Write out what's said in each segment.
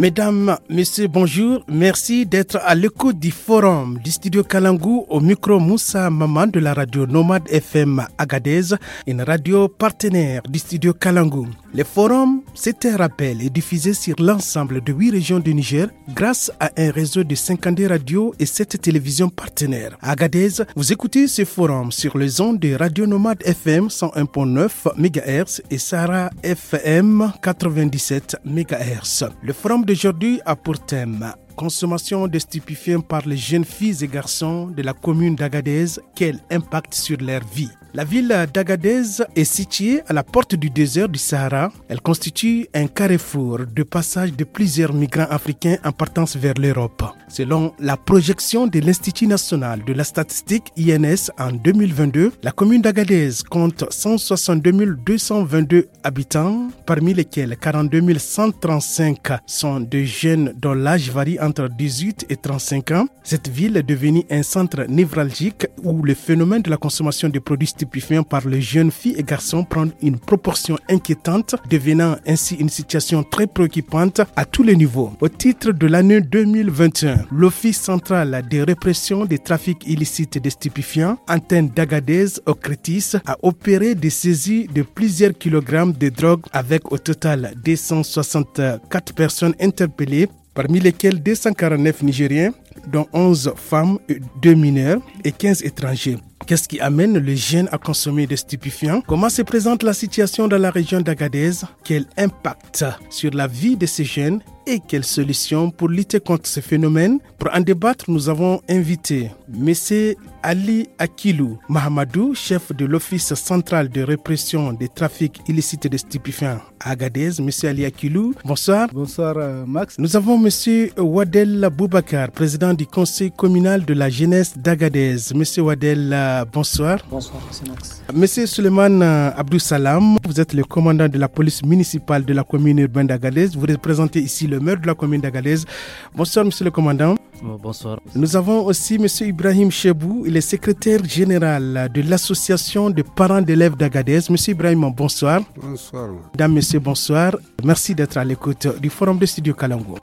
Mesdames, Messieurs, bonjour. Merci d'être à l'écoute du forum du studio Kalangou au micro Moussa Maman de la radio Nomade FM Agadez, une radio partenaire du studio Kalangou. Le forum, c'est un rappel, est diffusé sur l'ensemble de huit régions du Niger grâce à un réseau de 50 radios et 7 télévisions partenaires. À Agadez, vous écoutez ce forum sur les ondes de Radio Nomade FM 101.9 MHz et Sarah FM 97 MHz. Le forum d'aujourd'hui a pour thème consommation de stupéfiants par les jeunes filles et garçons de la commune d'Agadez, quel impact sur leur vie la ville d'Agadez est située à la porte du désert du Sahara. Elle constitue un carrefour de passage de plusieurs migrants africains en partance vers l'Europe. Selon la projection de l'Institut national de la statistique INS en 2022, la commune d'Agadez compte 162 222 habitants, parmi lesquels 42 135 sont de jeunes dont l'âge varie entre 18 et 35 ans. Cette ville est devenue un centre névralgique où le phénomène de la consommation de produits stupéfiants par les jeunes filles et garçons prendre une proportion inquiétante, devenant ainsi une situation très préoccupante à tous les niveaux. Au titre de l'année 2021, l'Office central des répressions des trafics illicites des stupéfiants, antenne d'Agadez au Crétis, a opéré des saisies de plusieurs kilogrammes de drogue avec au total 264 personnes interpellées parmi lesquelles 249 Nigériens, dont 11 femmes, 2 mineurs et 15 étrangers. Qu'est-ce qui amène les jeunes à consommer des stupéfiants Comment se présente la situation dans la région d'Agadez Quel impact sur la vie de ces jeunes et quelles solutions pour lutter contre ce phénomène Pour en débattre, nous avons invité M. Ali Akilou Mahamadou, chef de l'Office central de répression des trafics illicites de stupéfiants à Agadez. M. Ali Akilou, bonsoir. Bonsoir euh, Max. Nous avons M. Wadel Boubakar, président du conseil communal de la jeunesse d'Agadez. Monsieur Wadel, euh, bonsoir. Bonsoir, Max. Monsieur Suleiman euh, Abdou Salam, vous êtes le commandant de la police municipale de la commune urbaine d'Agadez. Vous représentez ici le maire de la commune d'Agadez. Bonsoir, monsieur le commandant. Oh, bonsoir. Nous avons aussi monsieur Ibrahim Chebou, il est secrétaire général de l'association de parents d'élèves d'Agadez. Monsieur Ibrahim, bonsoir. Bonsoir. Madame, monsieur, bonsoir. Merci d'être à l'écoute du forum de Studio Kalango.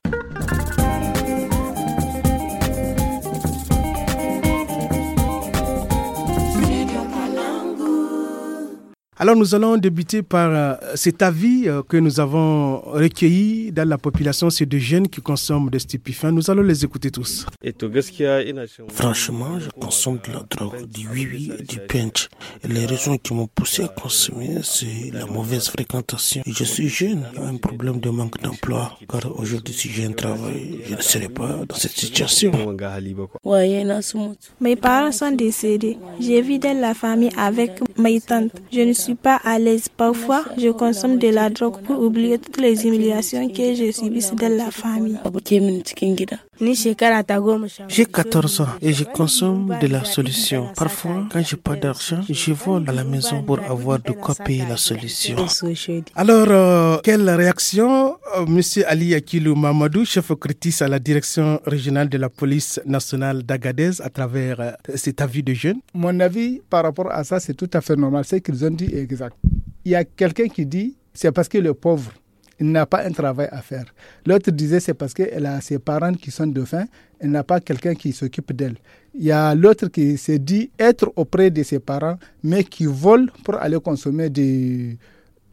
Alors nous allons débuter par euh, cet avis euh, que nous avons recueilli dans la population, c'est des jeunes qui consomment des stupéfiants. Nous allons les écouter tous. Franchement, je consomme de la drogue, du oui et du pinch. les raisons qui m'ont poussé à consommer, c'est la mauvaise fréquentation. Je suis jeune, j'ai un problème de manque d'emploi, car aujourd'hui si j'ai un travail, je ne serai pas dans cette situation. Mes parents sont décédés. J'ai vidé la famille avec mes tantes suis pas à l'aise. Parfois, je consomme de la drogue pour oublier toutes les humiliations que j'ai subies de la famille. J'ai 14 ans et je consomme de la solution. Parfois, quand je n'ai pas d'argent, je vole à la maison pour avoir de quoi payer la solution. Alors, euh, quelle réaction, euh, Monsieur Ali Akilou Mamadou, chef critique à la direction régionale de la police nationale d'Agadez, à travers euh, cet avis de jeunes Mon avis par rapport à ça, c'est tout à fait normal. Ce qu'ils ont dit est exact. Il y a quelqu'un qui dit, c'est parce que le pauvre il n'a pas un travail à faire. L'autre disait c'est parce qu'elle a ses parents qui sont de faim. elle n'a pas quelqu'un qui s'occupe d'elle. Il y a l'autre qui s'est dit être auprès de ses parents, mais qui vole pour aller consommer du,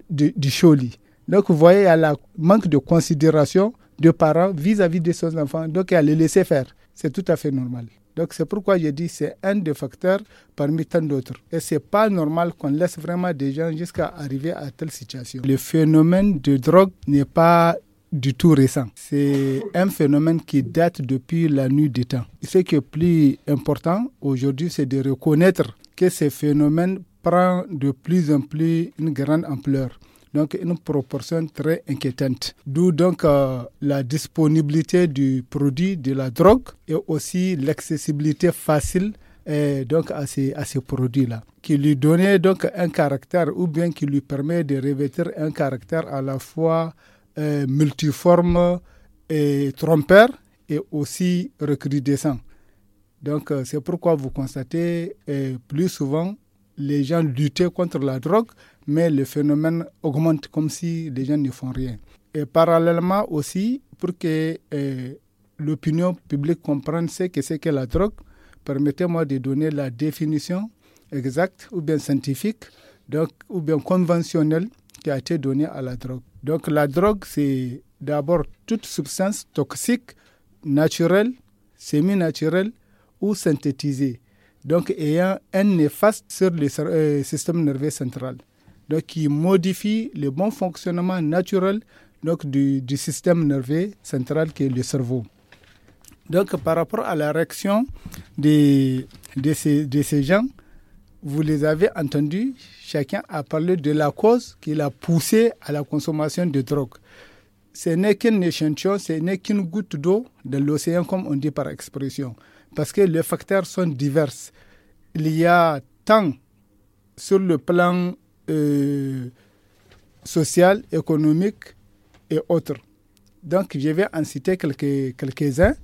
du, du choli. Donc vous voyez, il y a le manque de considération de parents vis-à-vis de ses enfants, donc elle les laisser faire. C'est tout à fait normal. Donc c'est pourquoi je dis c'est un des facteurs parmi tant d'autres. Et ce n'est pas normal qu'on laisse vraiment des gens jusqu'à arriver à telle situation. Le phénomène de drogue n'est pas du tout récent. C'est un phénomène qui date depuis la nuit des temps. Ce qui est plus important aujourd'hui, c'est de reconnaître que ce phénomène prend de plus en plus une grande ampleur donc une proportion très inquiétante. D'où donc euh, la disponibilité du produit, de la drogue et aussi l'accessibilité facile eh, donc à ces, à ces produits-là, qui lui donnait donc un caractère ou bien qui lui permet de revêtir un caractère à la fois eh, multiforme et trompeur et aussi recrudescent. Donc euh, c'est pourquoi vous constatez eh, plus souvent les gens lutter contre la drogue, mais le phénomène augmente comme si les gens ne font rien. Et parallèlement aussi, pour que euh, l'opinion publique comprenne ce que c'est que la drogue, permettez-moi de donner la définition exacte ou bien scientifique, donc, ou bien conventionnelle qui a été donnée à la drogue. Donc la drogue, c'est d'abord toute substance toxique, naturelle, semi-naturelle ou synthétisée, donc ayant un néfaste sur le euh, système nerveux central donc, qui modifie le bon fonctionnement naturel donc, du, du, système nerveux central qui est le cerveau. Donc, par rapport à la réaction de, de, ces, gens, vous les avez entendus, chacun a parlé de la cause qui l'a poussé à la consommation de drogue. Ce n'est qu'un échantillon, ce n'est qu'une goutte d'eau de l'océan, comme on dit par expression, parce que les facteurs sont divers. Il y a tant sur le plan euh, social, économique et autres. Donc, je vais en citer quelques, quelques-uns.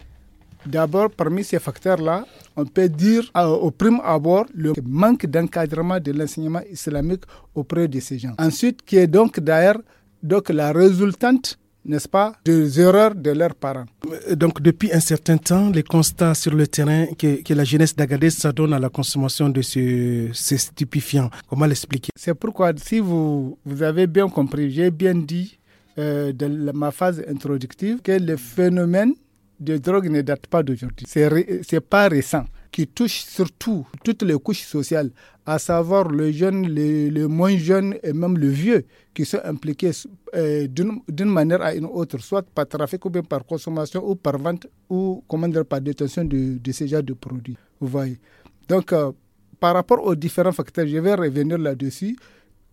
D'abord, parmi ces facteurs-là, on peut dire euh, au prime abord le manque d'encadrement de l'enseignement islamique auprès de ces gens. Ensuite, qui est donc d'ailleurs donc, la résultante n'est-ce pas, des erreurs de leurs parents. Euh, donc depuis un certain temps, les constats sur le terrain que, la jeunesse d'Agadez s'adonne à la consommation de ce, ces stupéfiants, comment l'expliquer C'est pourquoi, si vous, avez bien compris, j'ai bien dit euh, dans ma phase introductive que le phénomène de drogue ne date pas d'aujourd'hui. C'est n'est pas récent qui touche surtout toutes les couches sociales, à savoir le jeune, le, moins jeune et même le vieux, qui sont impliqués euh, d'une manière à une autre, soit par trafic ou bien par consommation ou par vente ou comment dire, par détention de, ces genres de produits. Vous voyez. Donc, euh, par rapport aux différents facteurs, je vais revenir là-dessus.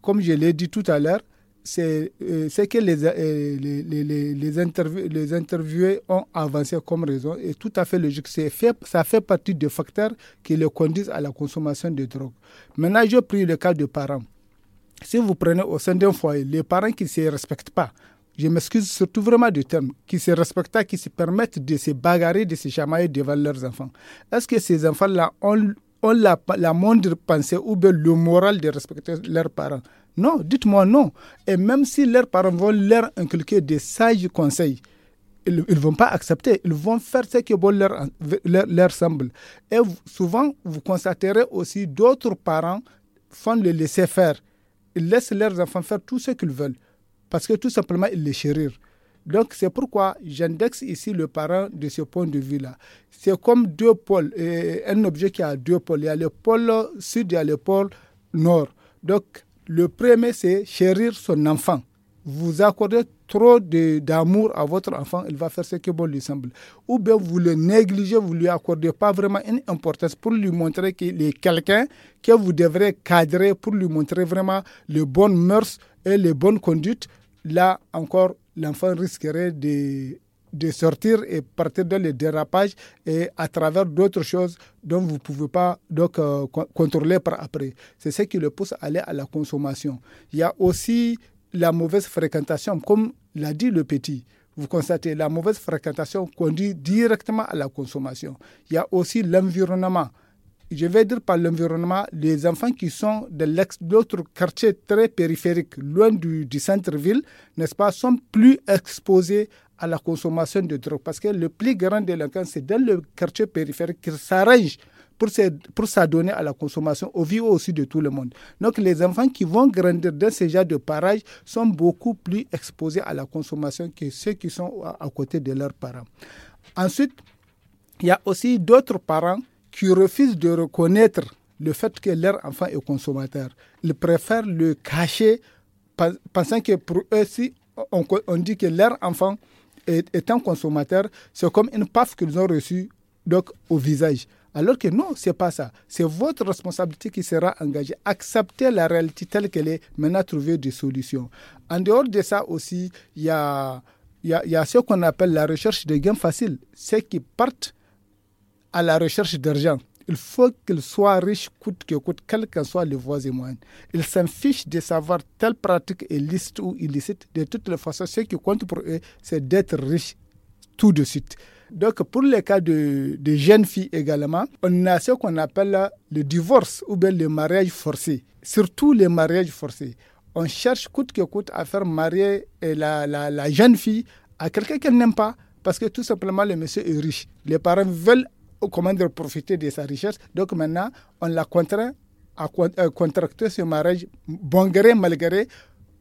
Comme je l'ai dit tout à l'heure, c'est euh, ce que les, euh, les, interviewés ont avancé comme raison et tout à fait logique. Fait, ça fait partie des facteurs qui les conduisent à la consommation de drogue. Maintenant, je pris le cas de parents. Si vous prenez au sein d'un foyer, les parents qui ne se respectent pas, je m'excuse surtout vraiment du terme, qui se respectent, pas, qui se permettent de se bagarrer, de se chamailler devant leurs enfants. Est-ce que ces enfants-là ont, la, la moindre pensée ou bien le moral de respecter leurs parents non, dites-moi non. Et même si leurs parents vont leur inculquer des sages conseils, ils ne vont pas accepter. Ils vont faire ce que veulent leur, leur, semble. Et souvent, vous constaterez aussi d'autres parents font le laisser faire. Ils laissent leurs enfants faire tout ce qu'ils veulent. Parce que tout simplement, ils les chérirent. Donc, c'est pourquoi j'indexe ici le parent de ce point de vue-là. C'est comme deux pôles, un objet qui a deux pôles. Il y a le pôle sud, il y a le pôle nord. Donc, le premier, c'est chérir son enfant. Vous accordez trop d'amour à votre enfant, il va faire ce que bon lui semble. Ou bien vous le négligez, vous ne lui accordez pas vraiment une importance pour lui montrer qu'il est quelqu'un que vous devrez cadrer pour lui montrer vraiment les bonnes mœurs et les bonnes conduites. Là encore, l'enfant risquerait de de sortir et partir dans les dérapages et à travers d'autres choses dont vous ne pouvez pas donc, euh, contrôler par après. C'est ce qui le pousse à aller à la consommation. Il y a aussi la mauvaise fréquentation, comme l'a dit le petit. Vous constatez, la mauvaise fréquentation conduit directement à la consommation. Il y a aussi l'environnement je vais dire par l'environnement, les enfants qui sont de d'autres quartiers très périphériques, loin du, du centre-ville, n'est-ce pas, sont plus exposés à la consommation de drogue. Parce que le plus grand délinquant, c'est dans le quartier périphérique qui s'arrange pour, pour s'adonner à la consommation, au vieux aussi de tout le monde. Donc les enfants qui vont grandir dans ces genre de parages sont beaucoup plus exposés à la consommation que ceux qui sont à, côté de leurs parents. Ensuite, il y a aussi d'autres parents qui refusent de reconnaître le fait que leur enfant est consommateur. Ils préfèrent le cacher pensant que pour eux, aussi, on dit que leur enfant étant consommateur, c'est comme une paf qu'ils ont reçue donc, au visage. Alors que non, c'est pas ça. C'est votre responsabilité qui sera engagée. Acceptez la réalité telle qu'elle est, maintenant trouver des solutions. En dehors de ça aussi, il y a, y a ce qu'on appelle la recherche de gains faciles. Ceux qui partent à la recherche d'argent. Il faut qu'il soit riche coûte que coûte, quelles que soit le voisin et Il s'en fiche de savoir telle pratique est liste ou illicite. De toutes les façons, ce qui compte pour eux, c'est d'être riche tout de suite. Donc, pour les cas de, jeunes filles également, on a ce qu'on appelle le divorce ou bien le mariage forcé. Surtout les mariages forcés. On cherche coûte que coûte à faire marier eh, la, la, la jeune fille à quelqu'un qu'elle n'aime pas parce que tout simplement le monsieur est riche. Les parents veulent comment de profiter de sa richesse. Donc maintenant, on l'a contraint à euh, contracter ce mariage, bon gré, mal gré.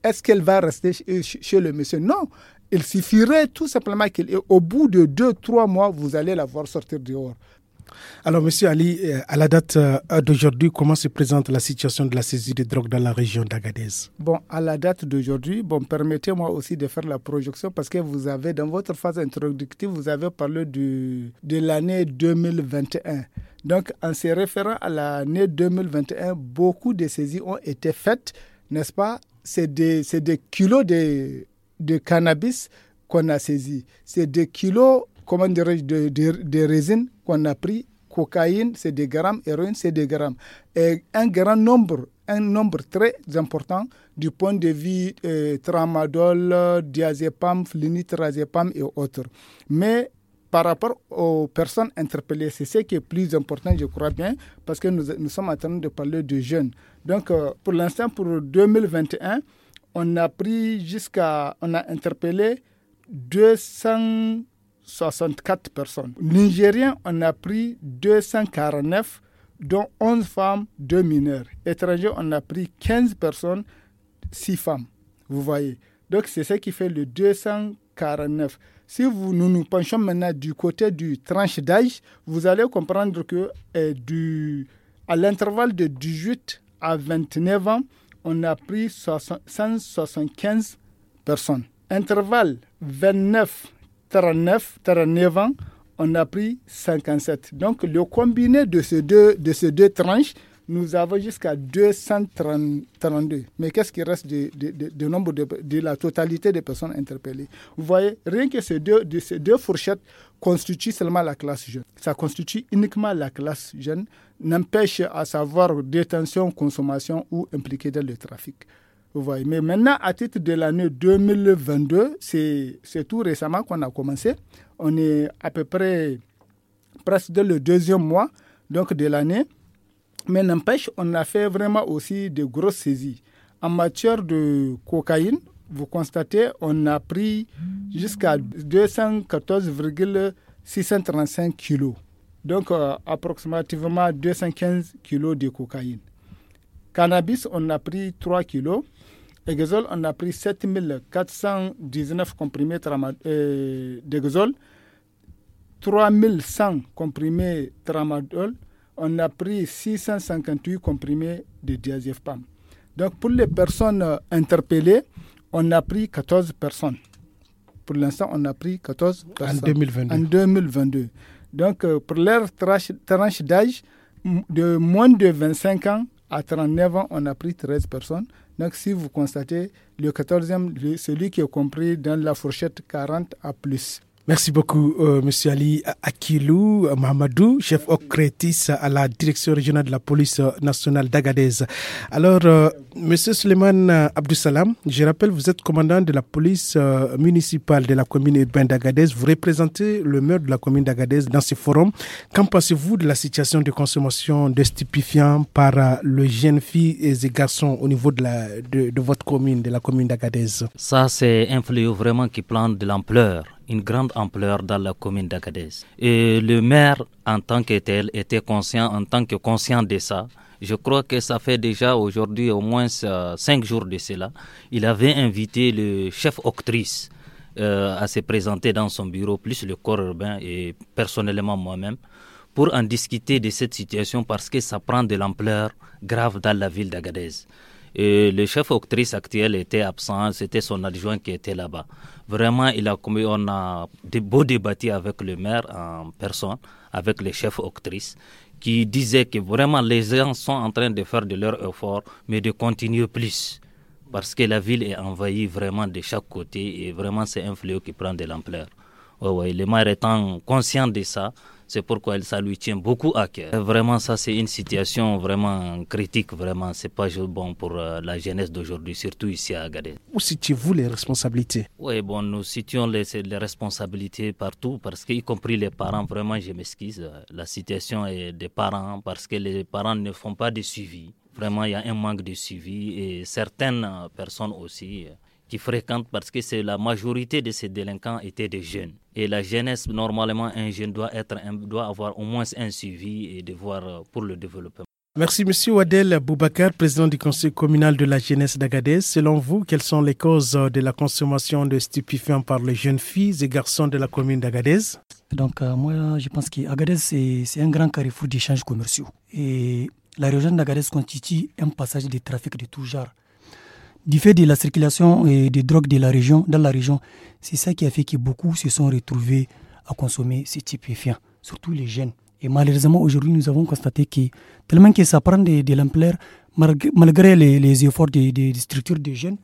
Est-ce qu'elle va rester euh, chez le monsieur Non, il suffirait tout simplement qu'au bout de deux, trois mois, vous allez la voir sortir dehors. Alors, Monsieur Ali, euh, à la date euh, d'aujourd'hui, comment se présente la situation de la saisie de drogue dans la région d'Agadez Bon, à la date d'aujourd'hui, bon, permettez-moi aussi de faire la projection parce que vous avez, dans votre phase introductive, vous avez parlé de l'année 2021. Donc, en se référant à l'année 2021, beaucoup de saisies ont été faites, n'est-ce pas C'est des, kilos de, de cannabis qu'on a saisi. C'est des kilos comment dirais-je, des de, résines qu'on a pris. Cocaïne, c'est des grammes, héroïne, c'est des grammes. Et un grand nombre, un nombre très important du point de vue euh, tramadol, diazépam, flinitrazépam et autres. Mais par rapport aux personnes interpellées. C'est ce qui est plus important, je crois bien, parce que nous, sommes en train de parler de jeunes. Donc, euh, pour l'instant, pour 2021, on a pris jusqu'à, on a interpellé 200 64 personnes. Nigériens, on a pris 249, dont 11 femmes, 2 mineurs. Étrangers, on a pris 15 personnes, 6 femmes. Vous voyez. Donc, c'est ce qui fait le 249. Si vous, nous nous penchons maintenant du côté du tranche d'âge, vous allez comprendre que euh, du, à l'intervalle de 18 à 29 ans, on a pris 175 personnes. Intervalle 29 39, 39 ans, on a pris 57. Donc le combiné de ces deux, de ces deux tranches, nous avons jusqu'à 232. Mais qu'est-ce qui reste de, nombre de, la totalité des personnes interpellées Vous voyez, rien que ces deux, de ces deux fourchettes constituent seulement la classe jeune. Ça constitue uniquement la classe jeune, n'empêche à savoir détention, consommation ou impliqué dans le trafic. Mais maintenant, à titre de l'année 2022, c'est tout récemment qu'on a commencé. On est à peu près presque dans le deuxième mois donc de l'année. Mais n'empêche, on a fait vraiment aussi de grosses saisies. En matière de cocaïne, vous constatez, on a pris jusqu'à 214,635 kilos. Donc, euh, approximativement 215 kilos de cocaïne. Cannabis, on a pris 3 kilos on a pris 7419 comprimés de 3 3100 comprimés tramadol, on a pris 658 comprimés de diazepam. Donc pour les personnes euh, interpellées, on a pris 14 personnes. Pour l'instant, on a pris 14 personnes. En 2022. En 2022. Donc euh, pour leur tranche d'âge de moins de 25 ans à 39 ans, on a pris 13 personnes. Donc, si vous constatez, le 14e, celui qui est compris dans la fourchette 40 à plus. Merci beaucoup, euh, Monsieur Ali Akilou Mahamadou, chef OCRETIS à la direction régionale de la police nationale d'Agadez. Alors, euh, Monsieur Suleiman Abdoussalam, je rappelle, vous êtes commandant de la police euh, municipale de la commune urbaine d'Agadez. Vous représentez le maire de la commune d'Agadez dans ce forum. Qu'en pensez-vous de la situation de consommation de stupéfiants par euh, les jeunes filles et les garçons au niveau de, la, de, votre commune, de la commune d'Agadez Ça, c'est un fléau vraiment qui plante de l'ampleur une grande ampleur dans la commune d'Agadez. Et le maire, en tant que tel, était conscient, en tant conscient de ça. Je crois que ça fait déjà aujourd'hui au moins euh, cinq jours de cela. Il avait invité le chef octrice euh, à se présenter dans son bureau, plus le corps urbain et personnellement moi-même, pour en discuter de cette situation parce que ça prend de l'ampleur grave dans la ville d'Agadez. Et le chef actrice actuel était absent, c'était son adjoint qui était là-bas. Vraiment, il a, on a des beaux débattis avec le maire en personne, avec le chef actrice, qui disait que vraiment les gens sont en train de faire de leur effort, mais de continuer plus. Parce que la ville est envahie vraiment de chaque côté et vraiment c'est un fléau qui prend de l'ampleur. le maire étant conscient de ça, c'est pourquoi ça lui tient beaucoup à cœur. vraiment, ça, c'est une situation vraiment critique. Vraiment, c'est pas bon pour euh, la jeunesse d'aujourd'hui, surtout ici à Agadez. Où situez-vous les responsabilités Oui, bon, nous situons les, responsabilités partout, parce qu'y compris les parents, vraiment, je m'excuse. Euh, la situation est des parents, parce que les parents ne font pas de suivi. Vraiment, il y a un manque de suivi et certaines euh, personnes aussi qui fréquentent, parce que c'est la majorité de ces délinquants étaient des jeunes. Et la jeunesse, normalement, un jeune doit, être, doit avoir au moins un suivi et devoir euh, pour le développement. Merci, Monsieur Wadel Boubacar, président du Conseil communal de la jeunesse d'Agadez. Selon vous, quelles sont les causes euh, de la consommation de stupéfiants par les jeunes filles et garçons de la commune d'Agadez Donc, euh, moi, je pense qu'Agadez, c'est un grand carrefour d'échanges commerciaux. Et la région d'Agadez constitue un passage de trafic de tout genre du fait de la circulation et euh, des drogues de la région, dans la région, c'est ça qui a fait que beaucoup se sont retrouvés à consommer ces stupéfiants, surtout les jeunes. Et malheureusement, aujourd'hui, nous avons constaté que tellement que ça prend de, l'ampleur, malgré les, efforts des, structures de jeunes,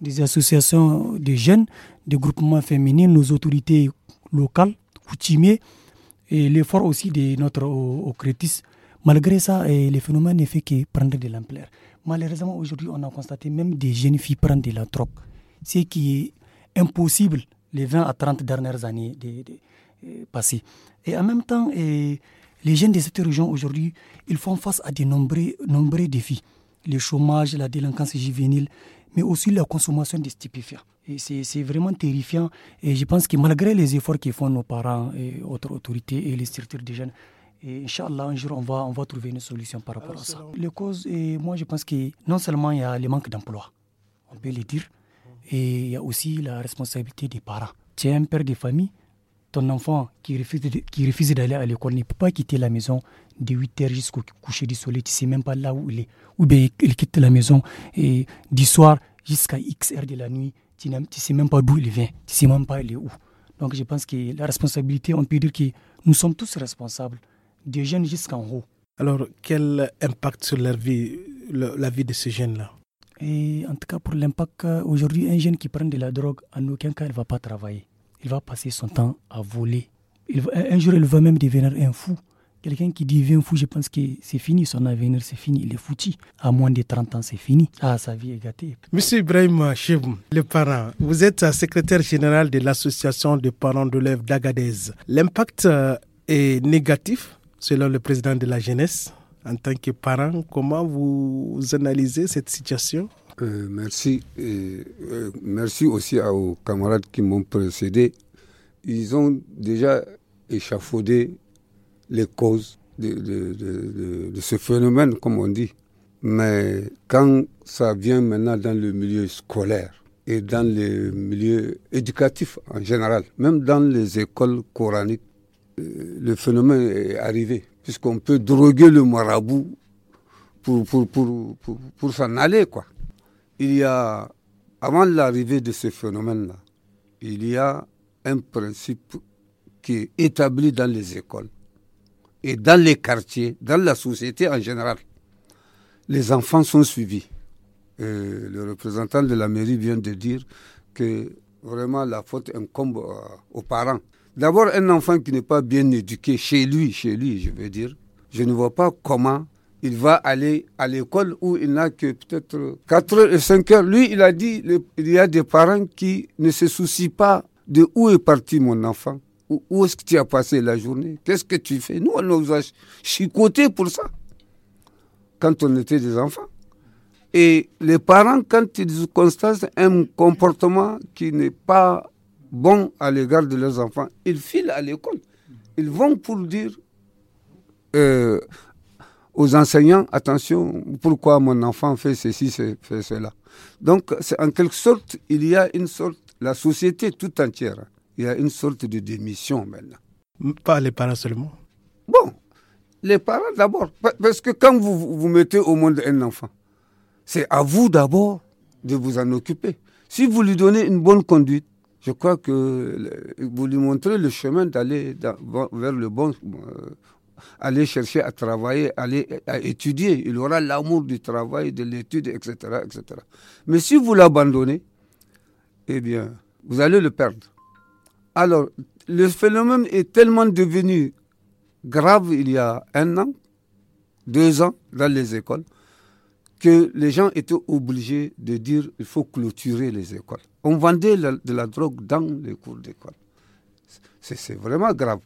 des associations de jeunes, des groupements féminins, nos autorités locales, coutumiers, et l'effort aussi de notre au, Malgré ça, et phénomènes phénomènes ne fait que prendre de l'ampleur. Malheureusement, aujourd'hui, on a constaté même des jeunes filles prendre de la drogue, ce qui est impossible les 20 à 30 dernières années de, euh, passées. Et en même temps, les jeunes de cette région aujourd'hui, ils font face à de nombreux, nombreux défis. Le chômage, la délinquance juvénile, mais aussi la consommation des stupéfiants. C'est vraiment terrifiant et je pense que malgré les efforts que font nos parents et autres autorités et les structures des jeunes, et Inch'Allah, un jour, on va, on va trouver une solution par rapport à ça. Les cause, et moi, je pense que non seulement il y a le manque d'emploi, on peut le dire, et il y a aussi la responsabilité des parents. Tu es un père de famille, ton enfant qui refuse, qui refuse d'aller à l'école ne peut pas quitter la maison de 8h jusqu'au coucher du soleil, tu ne sais même pas là où il est. Ou bien il quitte la maison et du soir jusqu'à X heure de la nuit, tu ne sais même pas d'où il vient, tu ne sais même pas il est où. Donc je pense que la responsabilité, on peut dire que nous sommes tous responsables des jeunes jusqu'en haut. Alors, quel impact sur leur vie, la vie de ces jeunes-là et en tout cas, pour l'impact, euh, aujourd'hui, un jeune qui prend de la drogue, en aucun cas, il ne va pas travailler. Il va passer son temps à voler. Il un jour, il va même devenir un fou. Quelqu'un qui devient fou, je pense que c'est fini, son avenir, c'est fini, il est foutu. À moins de 30 ans, c'est fini. Ah, sa vie est gâtée. Monsieur Ibrahim Chibou, le parent, vous êtes euh, secrétaire général de l'association des parents d'élèves d'Agadez. L'impact euh, est négatif selon le président de la jeunesse, en tant que parent, comment vous analysez cette situation euh, Merci. Euh, merci aussi aux camarades qui m'ont précédé. Ils ont déjà échafaudé les causes de, de, ce phénomène, comme on dit. Mais quand ça vient maintenant dans le milieu scolaire et dans le milieu éducatif en général, même dans les écoles coraniques, euh, le phénomène est arrivé, puisqu'on peut droguer le marabout pour, pour, s'en aller. Quoi. Il y a, avant l'arrivée de ce phénomène-là, il y a un principe qui est établi dans les écoles et dans les quartiers, dans la société en général. Les enfants sont suivis. le représentant de la mairie vient de dire que vraiment la faute incombe aux parents. D'abord, un enfant qui n'est pas bien éduqué chez lui, chez lui, je veux dire, je ne vois pas comment il va aller à l'école où il n'a que peut-être 4 heures et 5 heures. Lui, il a dit, il y a des parents qui ne se soucient pas de où est parti mon enfant, où, est-ce que tu as passé la journée, qu'est-ce que tu fais. Nous, on nous a chicotés pour ça quand on était des enfants. Et les parents, quand ils constatent un comportement qui n'est pas Bon, à l'égard de leurs enfants, ils filent à l'école. Ils vont pour dire euh, aux enseignants, attention, pourquoi mon enfant fait ceci, fait cela. Donc, en quelque sorte, il y a une sorte, la société tout entière, il y a une sorte de démission maintenant. Pas les parents seulement. Bon, les parents d'abord, parce que quand vous, vous mettez au monde un enfant, c'est à vous d'abord de vous en occuper. Si vous lui donnez une bonne conduite, je crois que vous lui montrez le chemin d'aller vers le bon, euh, aller chercher à travailler, aller à étudier. Il aura l'amour du travail, de l'étude, etc., etc. Mais si vous l'abandonnez, eh bien, vous allez le perdre. Alors, le phénomène est tellement devenu grave il y a un an, deux ans dans les écoles, que les gens étaient obligés de dire il faut clôturer les écoles. On vendait de la drogue dans les cours d'école. C'est vraiment grave.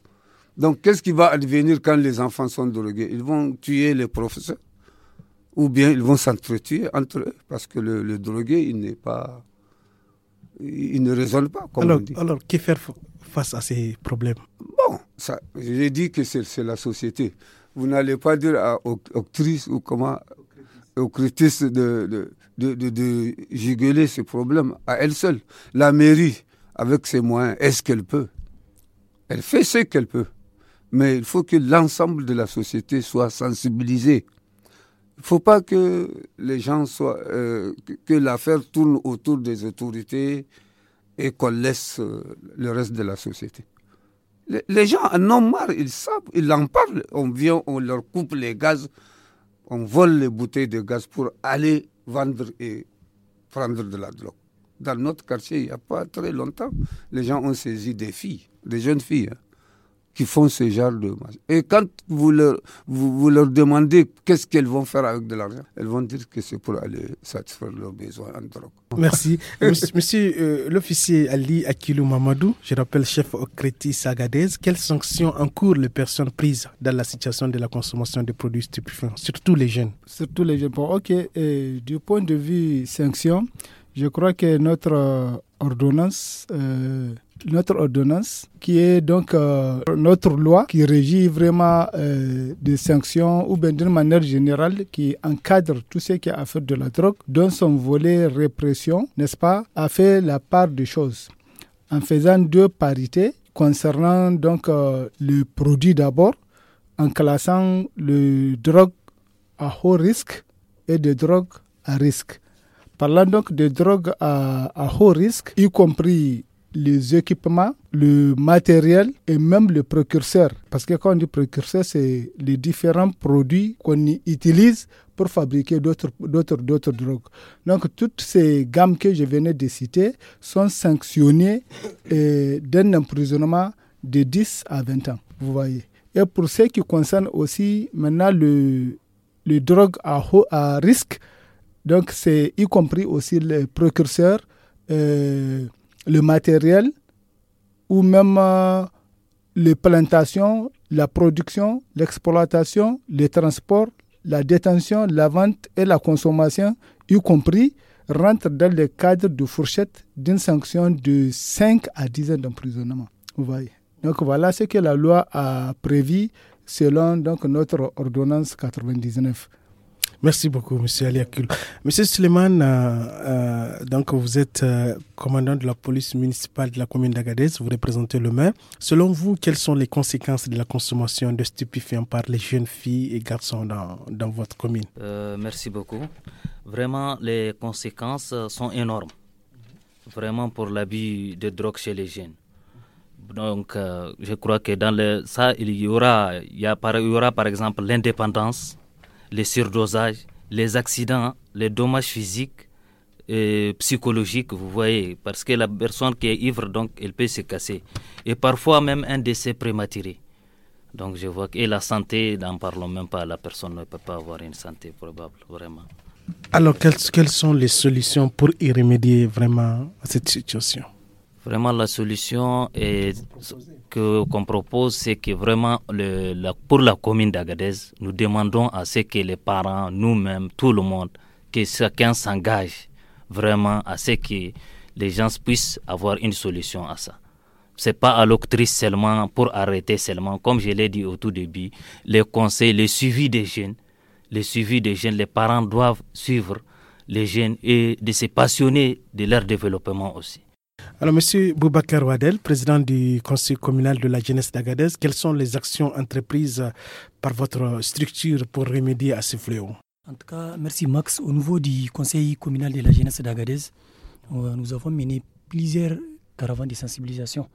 Donc, qu'est-ce qui va advenir quand les enfants sont drogués Ils vont tuer les professeurs ou bien ils vont s'entretuer entre eux parce que le, drogué, il n'est pas. Il ne raisonne pas. alors, alors, que faire face à ces problèmes Bon, ça, j'ai dit que c'est la société. Vous n'allez pas dire à Octrice ou comment aux critiques de, de, de, de juguler ce problème à elle seule. La mairie, avec ses moyens, est-ce qu'elle peut Elle fait ce qu'elle peut. Mais il faut que l'ensemble de la société soit sensibilisé. Il ne faut pas que les gens soient. Euh, que l'affaire tourne autour des autorités et qu'on laisse euh, le reste de la société. Les, gens en ont marre, ils savent, ils en parlent. On vient, on leur coupe les gaz, on vole les bouteilles de gaz pour aller vendre et prendre de la drogue. Dans notre quartier, il n'y a pas très longtemps, les gens ont saisi des filles, des jeunes filles. Hein qui font ce genre de Et quand vous leur, vous, leur demandez qu'est-ce qu'elles vont faire avec de l'argent, elles vont dire que c'est pour aller satisfaire leurs besoins en drogue. Merci. Euh, monsieur, euh, l'officier Ali Akilou Mamadou, je rappelle chef au Créti Sagadez, quelles sanctions encourent les personnes prises dans la situation de la consommation de produits stupéfiants, surtout les jeunes Surtout les jeunes. Bon, ok, euh, du point de vue sanctions, je crois que notre ordonnance notre ordonnance, qui est donc euh, notre loi qui régit vraiment euh, des sanctions ou bien d'une manière générale qui encadre tout ce qui a affaire de la drogue, dans son volet répression, n'est-ce pas, a fait la part des choses en faisant deux parités concernant donc euh, le produit d'abord, en classant le drogue à haut risque et de drogues à risque. Parlant donc de drogues à, à haut risque, y compris les équipements, le matériel et même le précurseur. Parce que quand on dit précurseur, c'est les différents produits qu'on utilise pour fabriquer d'autres, d'autres, d'autres drogues. Donc toutes ces gammes que je venais de citer sont sanctionnées euh, d'un emprisonnement de 10 à 20 ans, vous voyez. Et pour ce qui concerne aussi maintenant le, le drogue à, haut, à risque, donc c'est y compris aussi les précurseurs. Euh, le matériel ou même euh, les plantations, la production, l'exploitation, les transports, la détention, la vente et la consommation, y compris, rentrent dans le cadre de fourchette d'une sanction de 5 à 10 ans d'emprisonnement. Vous voyez. Donc voilà ce que la loi a prévu selon donc, notre ordonnance 99. Merci beaucoup, Monsieur Ali Akul. Monsieur Suleiman, euh, euh, donc vous êtes euh, commandant de la police municipale de la commune d'Agadez, vous représentez le maire. Selon vous, quelles sont les conséquences de la consommation de stupéfiants par les jeunes filles et garçons dans, votre commune Merci beaucoup. Vraiment, les conséquences sont énormes. Vraiment pour l'abus de drogue chez les jeunes. Donc, je crois que dans le, ça, il y aura, il y aura par exemple l'indépendance les surdosages, les accidents, les dommages physiques et psychologiques, vous voyez, parce que la personne qui est ivre, donc, elle peut se casser. Et parfois même un décès prématuré. Donc je vois que et la santé, n'en parlons même pas, la personne ne peut pas avoir une santé probable, vraiment. Alors quelles, quelles sont les solutions pour y remédier vraiment à cette situation Vraiment, la solution que qu'on propose, c'est que vraiment, pour la commune d'Agadez, nous demandons à ce que les parents, nous-mêmes, tout le monde, que chacun s'engage vraiment à ce que les gens puissent avoir une solution à ça. C'est pas à l'octrice seulement pour arrêter seulement, comme je l'ai dit au tout début, les conseils, le suivi des jeunes, le suivi des jeunes, les parents doivent suivre les jeunes et de se passionner de leur développement aussi. Alors, Monsieur Boubacar Wadel, président du Conseil communal de la jeunesse d'Agadez, quelles sont les actions entreprises par votre structure pour remédier à ce fléau En tout cas, merci Max. Au niveau du Conseil communal de la jeunesse d'Agadez, euh, nous avons mené plusieurs caravanes de sensibilisation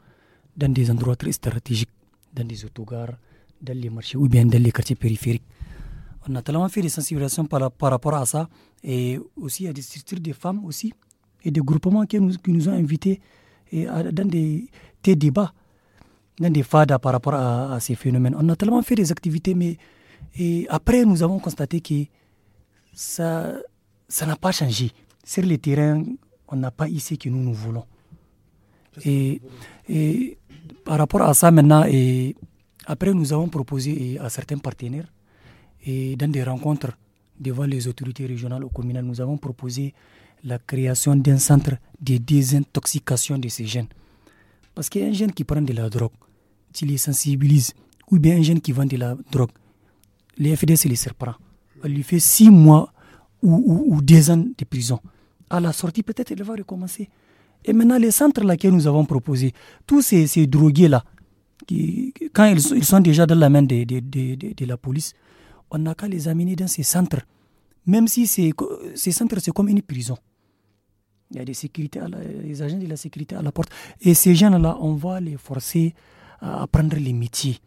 dans des endroits très stratégiques, dans des autogares, dans les marchés ou bien dans les quartiers périphériques. On a tellement fait des sensibilisations par, rapport à ça et aussi à des structures de femmes aussi et des groupements qui nous, qui nous ont invités et à, dans des, des, débats, dans des fadas par rapport à, ces phénomènes. On a tellement fait des activités, mais et après, nous avons constaté que ça ça n'a pas changé. Sur le terrain, on n'a pas ici que nous, nous voulons. Et, et par rapport à ça, maintenant, et après, nous avons proposé à certains partenaires, et dans des rencontres devant les autorités régionales ou communales, nous avons proposé la création d'un centre de désintoxication de ces jeunes. Parce un jeune qui prend de la drogue, tu les sensibilises, ou bien un jeune qui vend de la drogue, les FDS les surprend. On lui fait six mois ou, deux ans de prison. À la sortie, peut-être il va recommencer. Et maintenant, les centres là nous avons proposé tous ces, drogués-là, quand ils, sont déjà dans la main de, de la police, on n'a qu'à les amener dans ces centres. Même si ces centres, c'est comme une prison. Il y a des, sécurités agents de la sécurité à la porte. Et ces jeunes là on va les forcer à apprendre les métiers,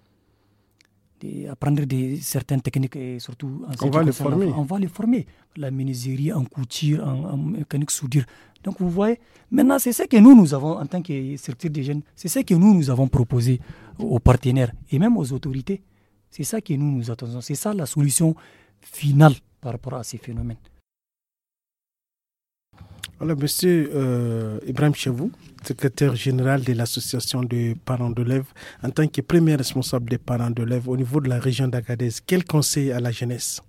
à apprendre des, certaines techniques et surtout... En on va les former. On va les former. La menuiserie, en couture, en, mécanique soudure. Donc vous voyez, maintenant c'est ce que nous, nous avons en tant que structure des jeunes, c'est ce que nous, nous avons proposé aux partenaires et même aux autorités. C'est ça que nous, nous attendons. C'est ça la solution finale par rapport à ces phénomènes. Alors, monsieur euh, Ibrahim Chevou, secrétaire général de l'association des parents d'élèves, en tant que premier responsable des parents d'élèves au niveau de la région d'Agadez, quel conseil à la jeunesse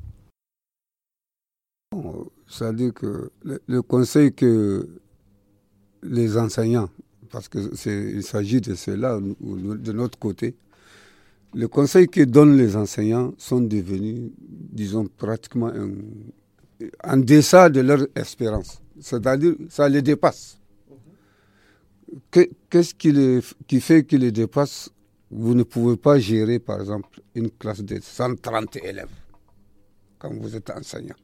C'est-à-dire que le, conseil que les enseignants, parce qu'il s'agit de cela de notre côté, le conseil que donnent les enseignants sont devenus, disons, pratiquement en deçà de leur espérance. C'est-à-dire, ça les dépasse. Qu'est-ce qui, qui, fait qu'il les dépasse Vous ne pouvez pas gérer, par exemple, une classe de 130 élèves quand vous êtes enseignant.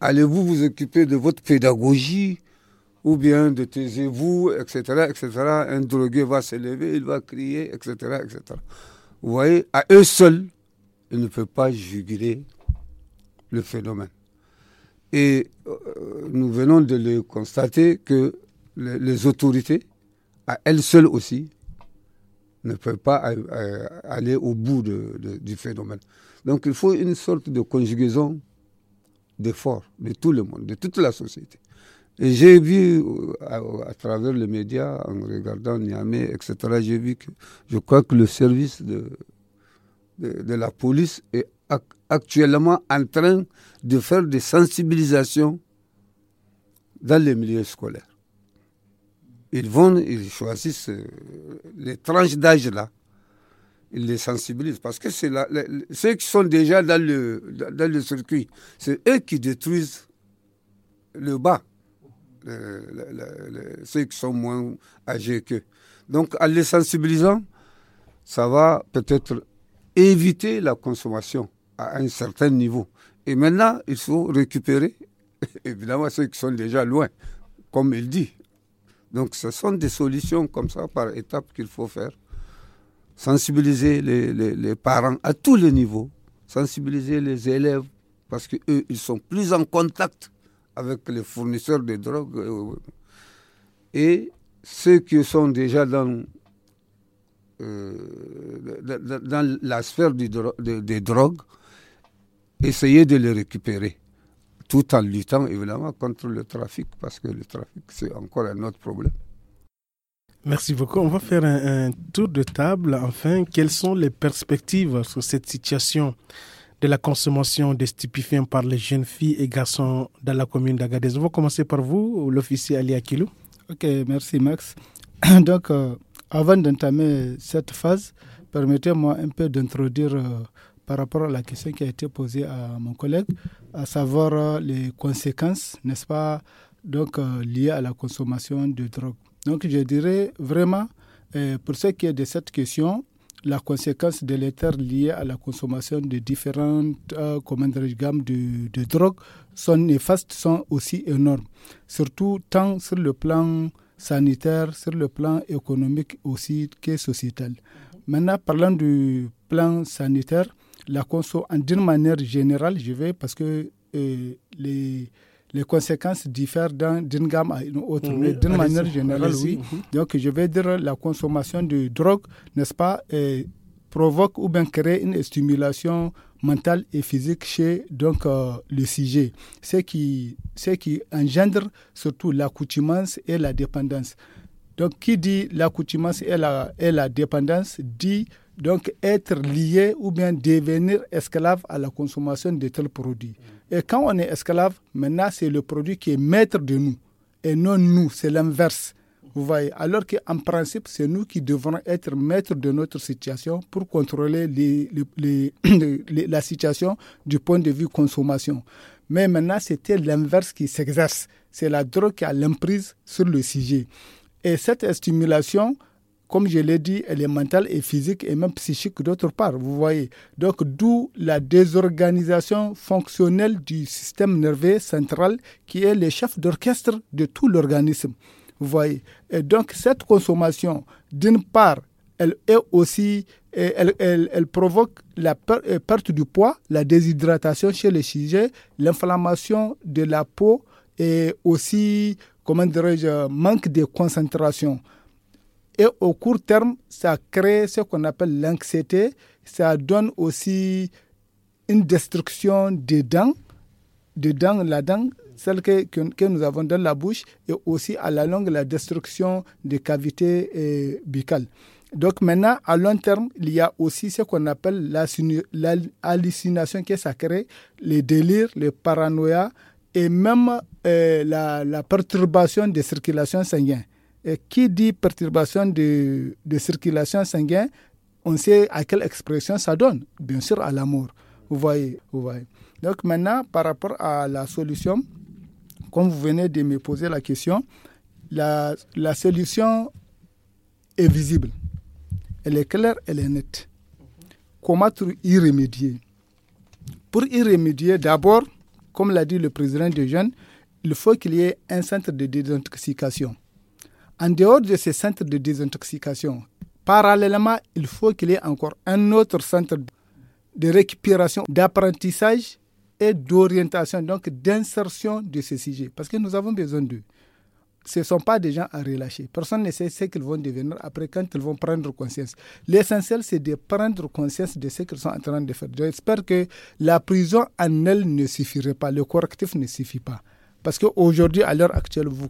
Allez-vous vous occuper de votre pédagogie ou bien de taisez-vous, etc., etc. Un drogué va s'élever il va crier, etc., etc. Vous voyez, à eux seuls, ils ne peuvent pas juguler le phénomène. Et euh, nous venons de le constater que les, autorités, à elles seules aussi, ne peuvent pas euh, euh, aller au bout du phénomène. Donc il faut une sorte de conjugaison d'efforts de tout le monde, de toute la société. Et j'ai vu à, travers les médias, en regardant Niamey, etc., j'ai vu que je crois que le service de, de, de la police est actuellement en train de faire des sensibilisations dans les milieux scolaires. Ils vont, ils choisissent euh, les tranches d'âge là. Ils les sensibilisent parce que c'est ceux qui sont déjà dans le, le circuit, c'est eux qui détruisent le bas, ceux qui sont moins âgés qu'eux. Donc en les sensibilisant, ça va peut-être éviter la consommation à un certain niveau. Et maintenant, il faut récupérer, évidemment, ceux qui sont déjà loin, comme il dit. Donc, ce sont des solutions comme ça, par étapes, qu'il faut faire. Sensibiliser les, parents à tous les niveaux, sensibiliser les élèves, parce qu'eux, ils sont plus en contact avec les fournisseurs de drogue. Euh, et ceux qui sont déjà dans, euh, dans la sphère des drogues, essayer de les récupérer, tout en luttant évidemment contre le trafic, parce que le trafic, c'est encore un autre problème. Merci beaucoup. On va faire un, tour de table. Enfin, quelles sont les perspectives sur cette situation de la consommation des stupéfiants par les jeunes filles et garçons dans la commune d'Agadez On va commencer par vous, l'officier Ali Akilou. Ok, merci Max. Donc, euh, avant d'entamer cette phase, permettez-moi un peu d'introduire euh, par rapport à la question qui a été posée à mon collègue, à savoir euh, les conséquences, n'est-ce pas, donc euh, liées à la consommation de drogue. Donc je dirais vraiment, euh, pour ce qui est de cette question, la conséquence délétère liée à la consommation de différentes commandes de de, de drogue sont néfastes, sont aussi énormes, surtout tant sur le plan sanitaire, sur le plan économique aussi que sociétal. Maintenant, parlant du plan sanitaire, la conso d'une manière générale, je vais parce que euh, les, les conséquences diffèrent d'une gamme à une autre. mais d'une manière générale, oui. Mhm. Donc, je vais dire la consommation de drogue, n'est-ce pas, euh, provoque ou bien crée une stimulation mentale et physique chez donc, euh, le sujet, ce qui, ce qui engendre surtout l'accoutumance et la dépendance. Donc, qui dit l'accoutumance et la, et la dépendance dit donc, être lié ou bien devenir esclave à la consommation de tels produits. Mm. Et quand on est esclave, maintenant, c'est le produit qui est maître de nous et non nous. C'est l'inverse. Vous voyez, alors qu'en principe, c'est nous qui devrons être maîtres de notre situation pour contrôler la situation du point de vue consommation. Mais maintenant, c'était l'inverse qui s'exerce. C'est la drogue qui a l'emprise sur le sujet. Et cette stimulation, comme je l'ai dit, elle est mentale et physique et même psychique d'autre part, vous voyez. Donc d'où la désorganisation fonctionnelle du système nerveux central qui est le chef d'orchestre de tout l'organisme. Vous voyez. Et donc cette consommation, d'une part, elle est aussi, elle, provoque la euh, perte du poids, la déshydratation chez les sujets, l'inflammation de la peau et aussi, comment dirais-je, manque de concentration. Et au court terme, ça crée ce qu'on appelle l'anxiété. Ça donne aussi une destruction des dents, des la dent, celle que, que, nous avons dans la bouche, et aussi à la longue la destruction des cavités buccales. Donc maintenant, à long terme, il y a aussi ce qu'on appelle l'hallucination qui est crée, les délires, les paranoïas et même euh, la, la, perturbation des circulations sanguines. Et qui dit perturbation de, circulation sanguine, on sait à quelle expression ça donne. Bien sûr, à l'amour. Vous voyez, vous voyez. Donc maintenant, par rapport à la solution, comme vous venez de me poser la question, la, la solution est visible. Elle est claire, elle est nette. Comment y remédier Pour y remédier, d'abord, comme l'a dit le président de jeunes, il faut qu'il y ait un centre de désintoxication en dehors de ces centres de désintoxication, parallèlement, il faut qu'il y ait encore un autre centre de récupération, d'apprentissage et d'orientation, donc d'insertion de ces sujets, parce que nous avons besoin d'eux. Ce ne sont pas des gens à relâcher. Personne ne sait ce qu'ils vont devenir après quand ils vont prendre conscience. L'essentiel, c'est de prendre conscience de ce qu'ils sont en train de faire. J'espère que la prison en elle ne suffirait pas, le correctif ne suffit pas. Parce qu'aujourd'hui, à l'heure actuelle, vous,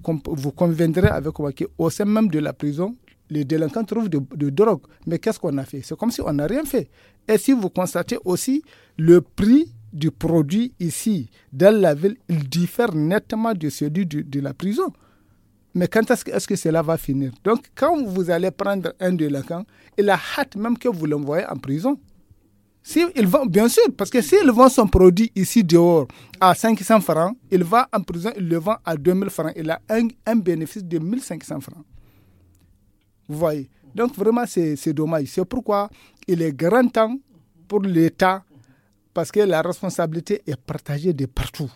conviendrez avec moi qu'au sein même de la prison, les délinquants trouvent de, de drogue. Mais qu'est-ce qu'on a fait C'est comme si on n'a rien fait. Et si vous constatez aussi le prix du produit ici, dans la ville, il diffère nettement de celui de, la prison. Mais quand est-ce que, est -ce que, cela va finir Donc, quand vous allez prendre un délinquant, il a hâte même que vous l'envoyez en prison bien sûr, parce que s'il vend son produit ici dehors à 500 francs, il va en prison, il le vend à 2000 francs. Il a un, un bénéfice de 1500 francs. Vous voyez Donc vraiment, c'est dommage. C'est pourquoi il est grand temps pour l'État, parce que la responsabilité est partagée de partout.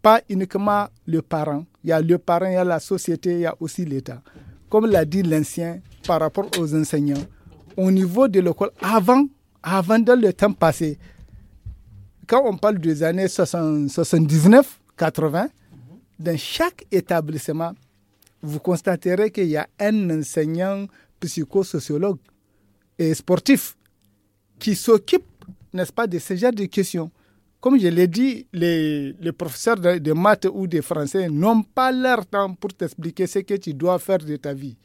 Pas uniquement le parent. Il y a le parent, il y a la société, il y a aussi l'État. Comme l'a dit l'ancien par rapport aux enseignants, au niveau de l'école, avant avant dans le temps passé, quand on parle des années 79, 80, dans chaque établissement, vous constaterez qu'il y a un enseignant psychosociologue et sportif qui s'occupe, n'est-ce pas, de ce genre de questions. Comme je l'ai dit, les, professeurs de, maths ou de français n'ont pas leur temps pour t'expliquer ce que tu dois faire de ta vie.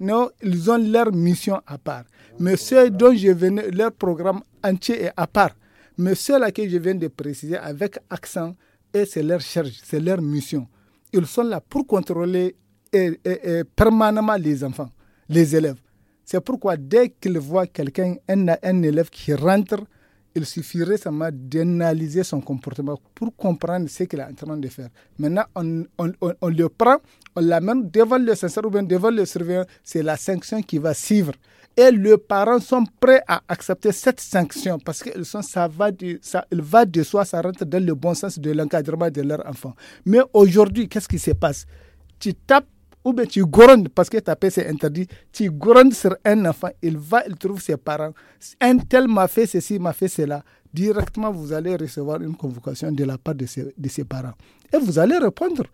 Non, ils ont leur mission à part. Mais ce dont je viens, leur programme entier est à part. Mais ce à que je viens de préciser avec accent, c'est leur charge, c'est leur mission. Ils sont là pour contrôler et, et, et permanemment les enfants, les élèves. C'est pourquoi dès qu'ils voient quelqu'un, un, un élève qui rentre il suffirait seulement d'analyser son comportement pour comprendre ce qu'il est en train de faire. Maintenant, on, le prend, on l'amène devant le censeur ou bien devant le surveillant. C'est la sanction qui va suivre. Et les parents sont prêts à accepter cette sanction parce que ça, va de, ça il va de soi, ça rentre dans le bon sens de l'encadrement de leur enfant. Mais aujourd'hui, qu'est-ce qui se passe Tu tapes tu grondes parce que ta paix c'est interdit, tu grondes sur un enfant, il va, il trouve ses parents. Un tel m'a fait ceci, m'a fait cela. Directement, vous allez recevoir une convocation de la part de ses, de ses parents. Et vous allez répondre.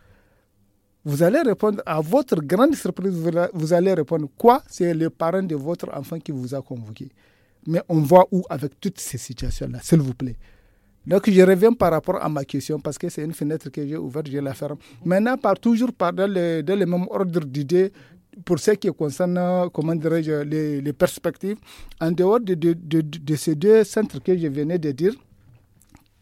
Vous allez répondre à votre grande surprise, vous allez répondre quoi C'est le parent de votre enfant qui vous a convoqué. Mais on voit où avec toutes ces situations-là, s'il vous plaît. Donc, je reviens par rapport à ma question parce que c'est une fenêtre que j'ai ouverte, je la ferme. Maintenant, par, toujours dans, le, même ordre d'idées, pour ce qui concerne, comment les, perspectives, en dehors de, ces deux centres que je venais de dire,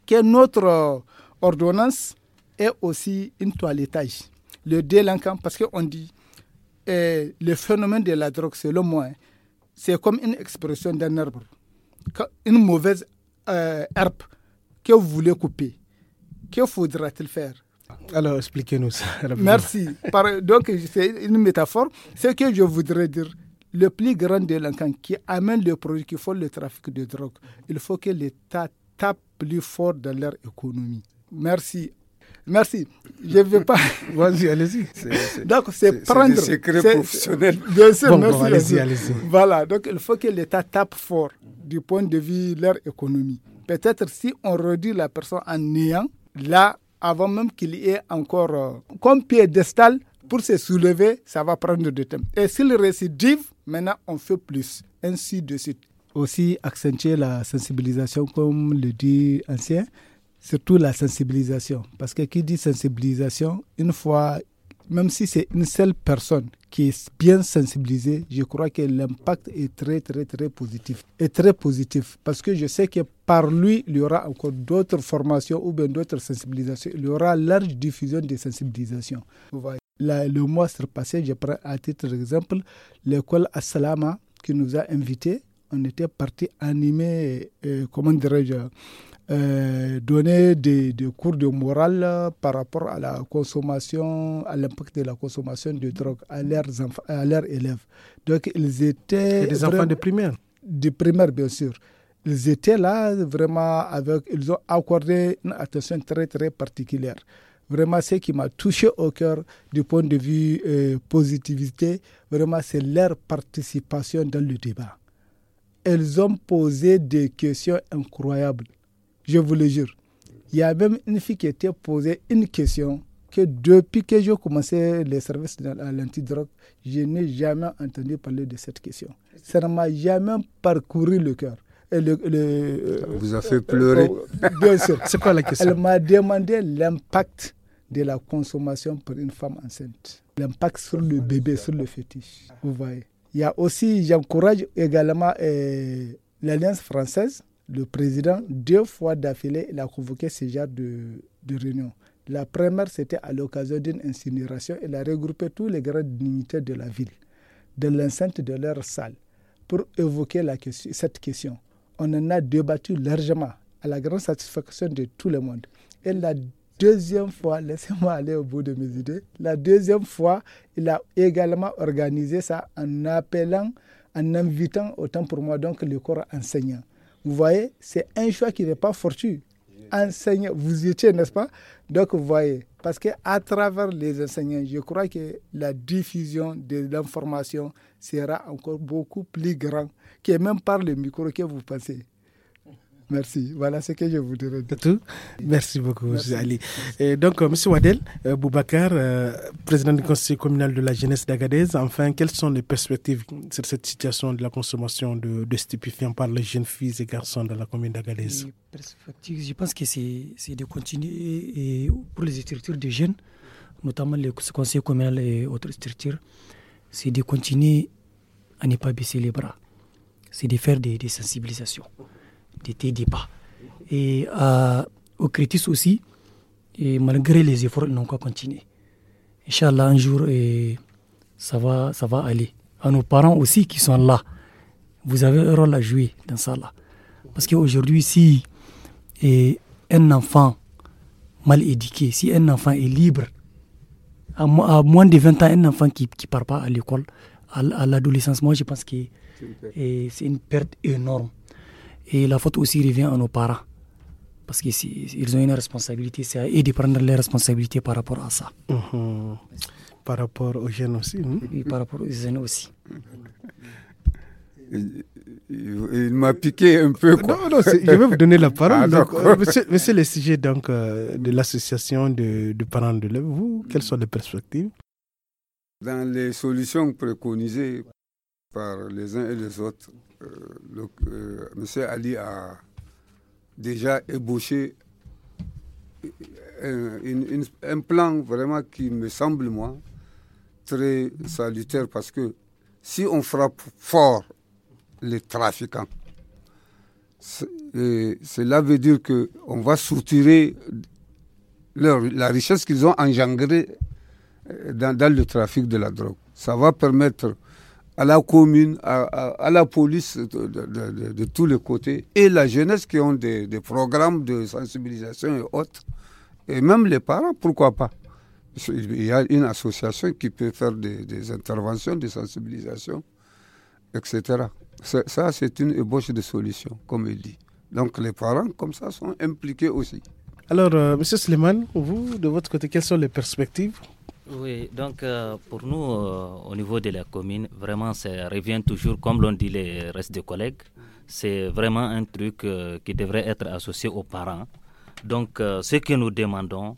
que notre ordonnance est aussi une toilettage. Le délinquant, parce qu'on dit, eh, le phénomène de la drogue, selon moi, c'est comme une expression d'un arbre, une mauvaise euh, herbe que vous voulez couper, que faudra-t-il faire Alors, expliquez-nous ça. Merci. donc, c'est une métaphore. Ce que je voudrais dire, le plus grand délinquant qui amène le produit qui font le trafic de drogue, il faut que l'État tape plus fort dans leur économie. Merci. Merci. Je ne veux pas. Vas-y, allez-y. Donc, c'est prendre. C'est professionnel. Bien sûr, merci. allez-y. Voilà. Donc, il faut que l'État tape fort du point de vue de leur économie. Peut-être si on redit la personne en niant, là, avant même qu'il y ait encore euh, comme piédestal pour se soulever, ça va prendre du temps. Et s'il récidive, maintenant on fait plus, ainsi de suite. Aussi accentuer la sensibilisation, comme le dit ancien, surtout la sensibilisation. Parce que qui dit sensibilisation, une fois, même si c'est une seule personne qui est bien sensibilisé, je crois que l'impact est très, très, très positif. Et très positif parce que je sais que par lui, il y aura encore d'autres formations ou bien d'autres sensibilisations. Il y aura large diffusion des sensibilisations. le mois passé, je prends à titre d'exemple l'école Assalama qui nous a invités. On était parti animer, euh, comment dirais-je, euh, donner des, cours de morale par rapport à la consommation, à l'impact de la consommation de drogue à leurs, à élèves. Donc ils étaient... des enfants de primaire De primaire, bien sûr. Ils étaient là vraiment avec... Ils ont accordé une attention très très particulière. Vraiment, ce qui m'a touché au cœur du point de vue euh, positivité, vraiment, c'est leur participation dans le débat. Elles ont posé des questions incroyables je vous le jure. Il y avait même une fille qui était posée une question que depuis que j'ai commencé les services à l'antidrogue, je n'ai jamais entendu parler de cette question. Ça ne m'a jamais parcouru le cœur. le, euh, vous a fait pleurer. Oh, bien sûr. C'est pas la question Elle m'a demandé l'impact de la consommation pour une femme enceinte. L'impact sur le bébé, sur le fétiche. Vous voyez. Il y a aussi, j'encourage également euh, l'Alliance française le président, deux fois d'affilée, il a convoqué ce genre de, réunion. La première, c'était à l'occasion d'une incinération. Il a regroupé tous les grandes dignitaires de la ville, de l'enceinte de leur salle, pour évoquer la question, cette question. On en a débattu largement, à la grande satisfaction de tout le monde. Et la deuxième fois, laissez-moi aller au bout de mes idées, la deuxième fois, il a également organisé ça en appelant, en invitant, autant pour moi, donc le corps enseignant vous voyez, c'est un choix qui n'est pas fortuit. Enseignant, vous y étiez, n'est-ce pas Donc, vous voyez, parce qu'à travers les enseignants, je crois que la diffusion de l'information sera encore beaucoup plus grande que même par le micro que vous passez Merci. Voilà ce que je voudrais dire. Tout. Merci beaucoup, Ali. donc, euh, M. Wadel euh, Boubacar, euh, président du conseil communal de la jeunesse d'Agadez, enfin, quelles sont les perspectives sur cette situation de la consommation de, stupéfiants par les jeunes filles et garçons dans la commune d'Agadez je pense que c'est de continuer et pour les structures de jeunes, notamment le conseil communal et autres structures, c'est de continuer à ne pas baisser les bras. C'est de faire des sensibilisations de débats. Et euh, aux critiques aussi, et malgré les efforts, ils n'ont pas continué. Inch'Allah, un jour, ça, va, ça va aller. À nos parents aussi qui sont là, vous avez un rôle à jouer dans ça là. Parce qu'aujourd'hui, si un enfant mal éduqué, si un enfant est libre, à, moins de 20 ans, un enfant qui ne part pas à l'école, à, l'adolescence, moi je pense que c'est une perte énorme. Et la faute aussi revient à nos parents. Parce qu'ils ont une responsabilité, c'est à de prendre les responsabilités par rapport à ça. Mhm. Par rapport aux jeunes aussi. Hmm? par rapport aux jeunes aussi. Il m'a piqué un peu. Quoi. Non, non, je vais vous donner la parole. Ah, euh, monsieur, le sujet donc, euh, de l'association de, parents de vous, quelles sont les perspectives Dans les solutions préconisées par les uns et les autres. Euh, euh, monsieur Ali a déjà ébauché un, plan vraiment qui me semble, moi, très salutaire parce que si on frappe fort les trafiquants, cela veut dire qu'on va soutirer la richesse qu'ils ont engendrée euh, dans, dans, le trafic de la drogue. Ça va permettre à la commune, à, la police de, tous les côtés, et la jeunesse qui ont des, programmes de sensibilisation et autres, et même les parents, pourquoi pas. Il y a une association qui peut faire des, interventions de sensibilisation, etc. Ça, c'est une ébauche de solution, comme il dit. Donc les parents, comme ça, sont impliqués aussi. Alors, M. Euh, monsieur Slimane, vous, de votre côté, quelles sont les perspectives oui, donc euh, pour nous, euh, au niveau de la commune, vraiment, ça revient toujours, comme l'ont dit les restes de collègues, c'est vraiment un truc euh, qui devrait être associé aux parents. Donc, ce que nous demandons,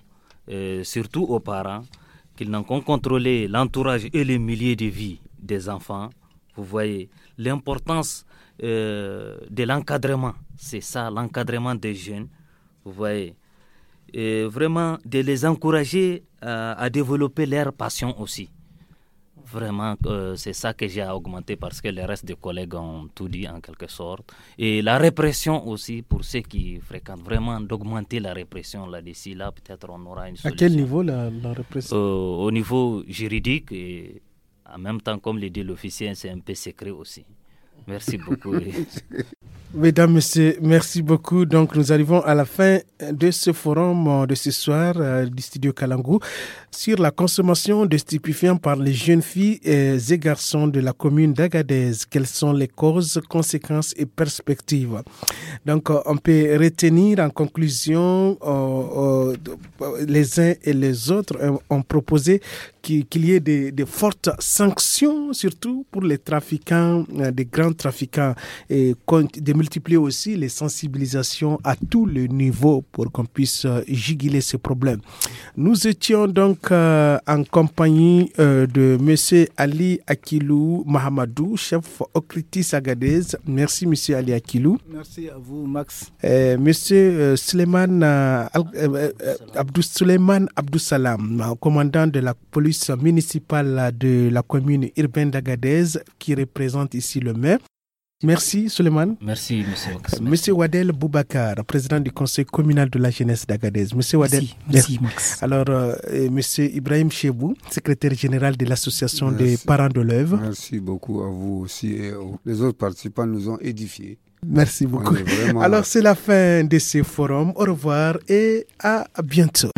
surtout aux parents, qu'ils n'ont qu'à contrôler l'entourage et les milieux de vie des enfants. Vous voyez l'importance de l'encadrement. C'est ça, l'encadrement des jeunes. Vous voyez. Et vraiment, de les encourager euh, à développer leur passion aussi. Vraiment, euh, c'est ça que j'ai à augmenter parce que les reste des collègues ont tout dit en quelque sorte. Et la répression aussi, pour ceux qui fréquentent, vraiment d'augmenter la répression là-dessus. Là, peut-être on aura une solution. À quel niveau la, la répression euh, Au niveau juridique et en même temps, comme le dit l'officier, c'est un peu secret aussi. Merci beaucoup. Mesdames, Messieurs, merci beaucoup. Donc, nous arrivons à la fin de ce forum de ce soir euh, du studio Kalangou sur la consommation de stupéfiants par les jeunes filles et garçons de la commune d'Agadez. Quelles sont les causes, conséquences et perspectives Donc, euh, on peut retenir en conclusion, euh, les uns et les autres ont proposé qu'il y ait des, fortes sanctions, surtout pour les trafiquants, euh, des grands trafiquants, et de multiplier aussi les sensibilisations à tous les niveaux pour qu'on puisse euh, juguler ces problèmes. Nous étions donc euh, en compagnie de M. Ali Akilou Mahamadou, chef Ocritis Agadez. Merci, M. Ali Akilou. Merci à vous, Max. M. Suleiman, Abdou Salam, commandant de la police municipal de la commune urbaine d'Agadez qui représente ici le maire. Merci, Suleiman. Merci, monsieur. Monsieur Wadel Boubacar, président du conseil communal de la jeunesse d'Agadez. Monsieur Wadel. Merci, Alors, M. Euh, monsieur Ibrahim Chebou, secrétaire général de l'association des parents de l'œuvre. Merci beaucoup à vous aussi et aux... les autres participants nous ont édifiés. Merci beaucoup. Alors, c'est la fin de ce forum. Au revoir et à bientôt.